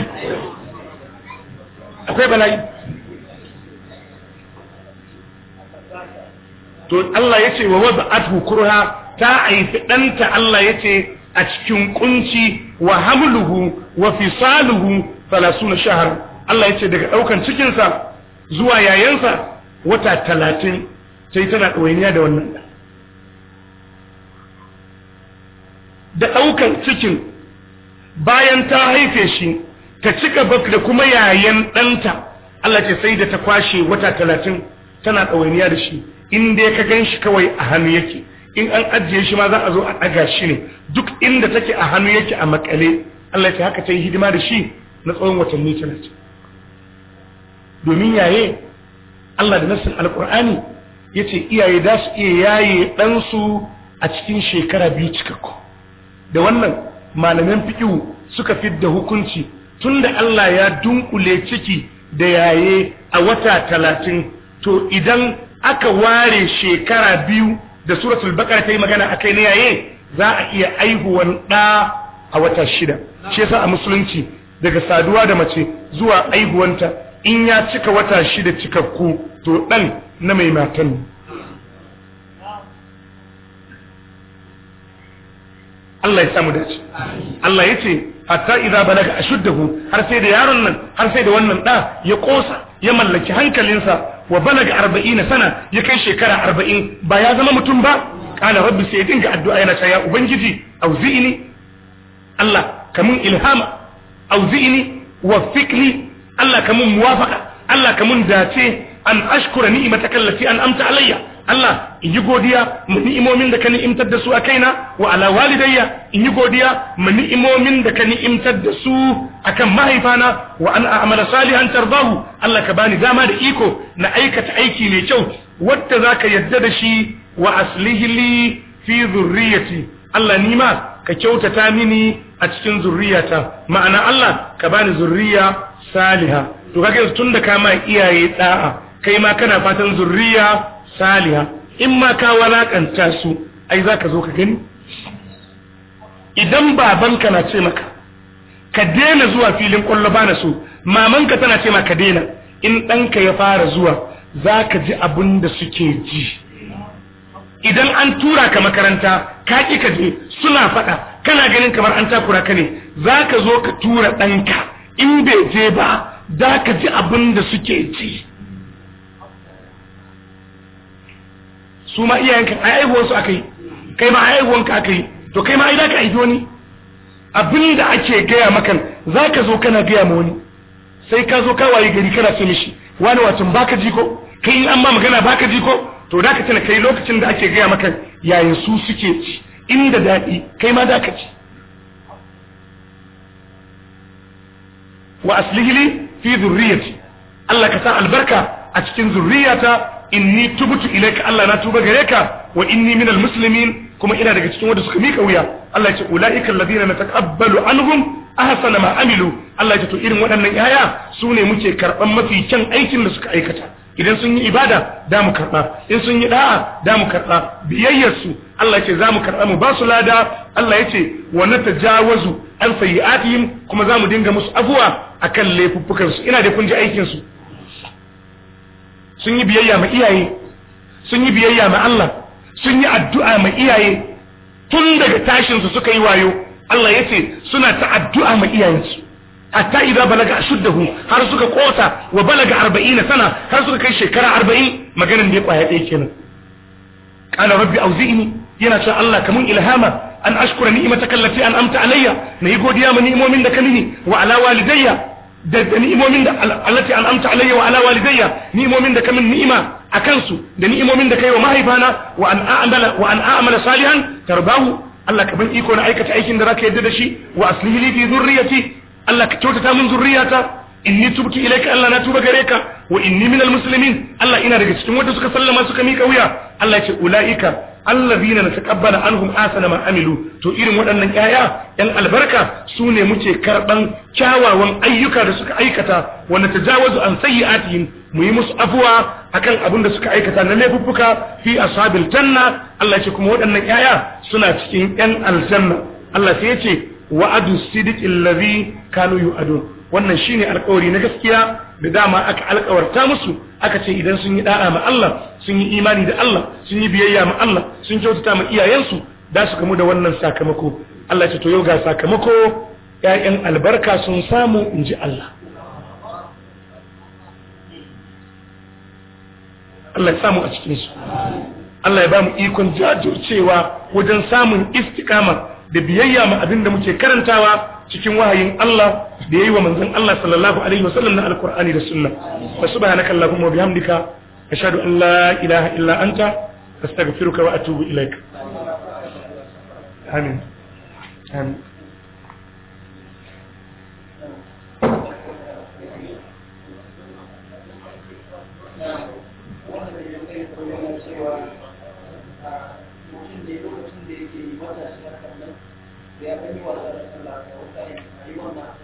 akwai bala'i to Allah ya ce wa atu kurha ta aifi ɗanta Allah ya ce a cikin kunci wa hamluhu wa fisaluhu na shahar Allah ya ce daga ɗaukan cikinsa zuwa yayansa wata talatin sai tana ɗawainiya da wannan da ɗaukan cikin bayan ta haife shi ta cika bak da kuma yayan ɗanta Allah ce sai da ta kwashe wata talatin tana ɗawainiya da shi in dai ka gan shi kawai a hannu yake in an ajiye shi ma za a zo a ɗaga shi ne duk inda take a hannu yake a makale Allah ya haka ta yi hidima da shi na tsawon watanni tana ce domin yaye Allah da nassin alkur'ani ya ce iyaye da su iya yaye ɗansu a cikin shekara biyu cikakku da wannan malamin fiƙiwu suka fidda hukunci tun da Allah ya dunƙule ciki da yaye a wata talatin to idan aka ware shekara biyu da suratul baqara ta yi magana akai ne yaye za a iya aihuwan da a wata shida shi yasa a musulunci daga saduwa da mace zuwa aihuwanta in ya cika wata shida cikakku to dan na mai matan ne Allah ya samu dace Allah yace hatta idza balaga ashuddahu har sai da yaron nan har sai da wannan da ya kosa ya mallaki hankalinsa wa balaga arba'ina sana ya kai shekara arba'in ba ya zama mutum ba kala rabbi sai ya dinga addu'a yana cewa ya ubangiji auzi'ini Allah kamun ilhama auzi'ini wafikni Allah kamun muwafaka Allah kamun dace an ashkura ni'imataka allati an amta alayya Allah in yi godiya ma ni'imomin da ka ni'imtar da su a kaina wa ala walidayya in yi godiya ma ni'imomin da ka ni'imtar da su akan mahaifana wa an a'mala salihan tardahu Allah ka bani dama da iko na aikata aiki mai kyau wanda zaka yadda da shi wa aslihi li fi dhurriyyati Allah ni ma ka kyautata mini a cikin zurriyata ma'ana Allah ka bani zurriya saliha to kage tunda kama iyaye da'a kai ma kana fatan zurriya saliha in ma ka walakanta su ai ka zo ka gani idan babanka na ce maka ka daina zuwa filin kwallo ba na so mamanka tana ce maka daina in ɗanka ya fara zuwa za ka ji abin da suke ji idan an tura ka makaranta ka ƙi ka je suna faɗa kana ganin kamar an takura ka ne za ka zo ka tura ɗanka in bai je ba za ka ji abin da suke ji su ma iyayenka ai aihuwar su akai kai ma ai aihuwanka akai to kai ma idan ka aifi wani abin da ake gaya makan zaka zo kana gaya ma wani sai ka zo ka waye gari kana ce shi wani watan baka jiko kai in an ma magana baka jiko to da ka tana kai lokacin da ake gaya maka yayin su suke ci inda daɗi kai ma da ka ci wa aslihili fi zurriyati Allah ka sa albarka a cikin zurriyata inni tubtu ilayka Allah na tuba gare ka wa inni minal muslimin kuma ina daga cikin wanda suka mika wuya Allah ya ce ulaika alladhina nataqabbalu anhum ahsana ma amilu Allah ya ce to irin waɗannan yaya su ne muke karban mafi kyan aikin da suka aikata idan sun yi ibada da mu karba in sun yi da'a da mu karba biyayyar su Allah ya ce za mu karba mu ba su lada Allah ya ce wa natajawazu an sayyi'atihim kuma za mu dinga musu afuwa akan laifuffukan su ina da kun ji aikin su sun yi biyayya ma iyaye sun yi biyayya ma Allah sun yi addu'a ma iyaye tun daga tashin su suka yi wayo Allah ya ce suna ta addu'a ma iyayensu hatta idza balaga ashuddahu har suka kosa wa balaga 40 sana har suka kai shekara 40 maganin da ya kwaya ɗaya kenan qala rabbi auzi'ni yana cewa Allah kamun ilhama an ashkura ni'mataka an amta alayya nayi godiya ma ni'imomin da ka mini wa ala walidayya Da ni'imomin da allati an'amta alayya wa ala walidayya ni'imomin da kamin ni'ima a kansu da ni'imomin da kai wa mahaifana wa an a'mala wa an salihan tarbahu Allah ka ban iko na aikata aikin da zaka yadda da shi wa aslihi li fi zurriyati Allah ka kyautata min zurriyata inni tubtu ilayka Allah na tuba gare ka wa inni minal muslimin Allah ina daga cikin wanda suka sallama suka mika wuya Allah ya ce ulaika allazina nataqabbala anhum asana ma amilu to irin waɗannan yaya yan albarka su ne muke karɓan kyawawan ayyuka da suka aikata wanda tajawazu an sayyi'atihim mu yi musu afuwa akan abin da suka aikata na laifuffuka fi ashabil janna Allah ce kuma waɗannan yaya suna cikin yan aljanna Allah sai ya ce wa'adu sidiqil ladhi kanu yu'adun wannan shine alƙawari na gaskiya da dama aka alƙawarta musu aka ce idan sun yi da'a ma Allah sun yi imani da Allah sun yi biyayya ma Allah sun kyautata ma iyayensu da su kamu da wannan sakamako Allah ce to yau ga sakamako ƴaƴan albarka sun samu in ji Allah Allah ya samu a cikin su Allah ya ba mu ikon jajircewa wajen samun istiqama da biyayya ma abin da muke karantawa cikin wahayin Allah da yayi wa manzon Allah sallallahu alaihi wasallam na alqur'ani da sunna wa subhanaka allahumma wa bihamdika ashhadu an la ilaha illa anta astaghfiruka wa atubu ilaik amin amin ya ɗan yi wasa da sallah da wata yi a yi wannan